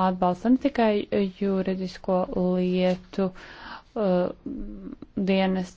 atbalsta ne tikai juridisko lietu uh, dienas